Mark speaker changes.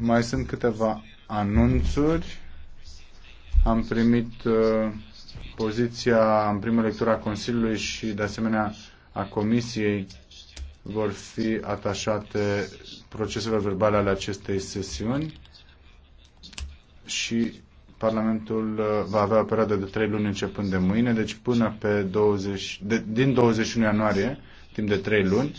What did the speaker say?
Speaker 1: Mai sunt câteva anunțuri. Am primit uh, poziția în primă lectură a Consiliului și, de asemenea, a Comisiei vor fi atașate proceselor verbale ale acestei sesiuni și Parlamentul uh, va avea o perioadă de 3 luni începând de mâine, deci până pe 20, de, din 21 ianuarie,
Speaker 2: timp de 3 luni,